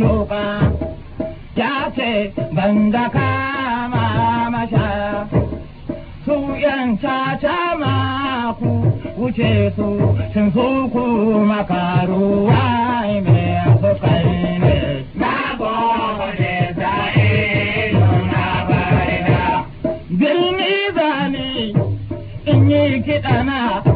roƙa ya ce ban da kama masha su yan caca maku wuce su sun su ku makaruwa mai suka ne na goma ne za'e na bari da birni zane in yi kiɗana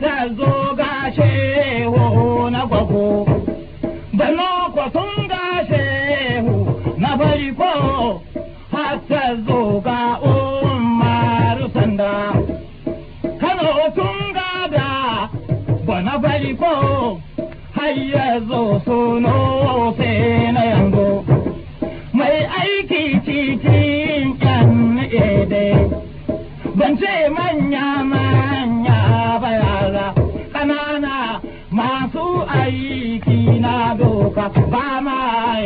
can zo gashe ho na gwako bano ko sun gashe ho na bari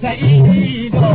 在起的。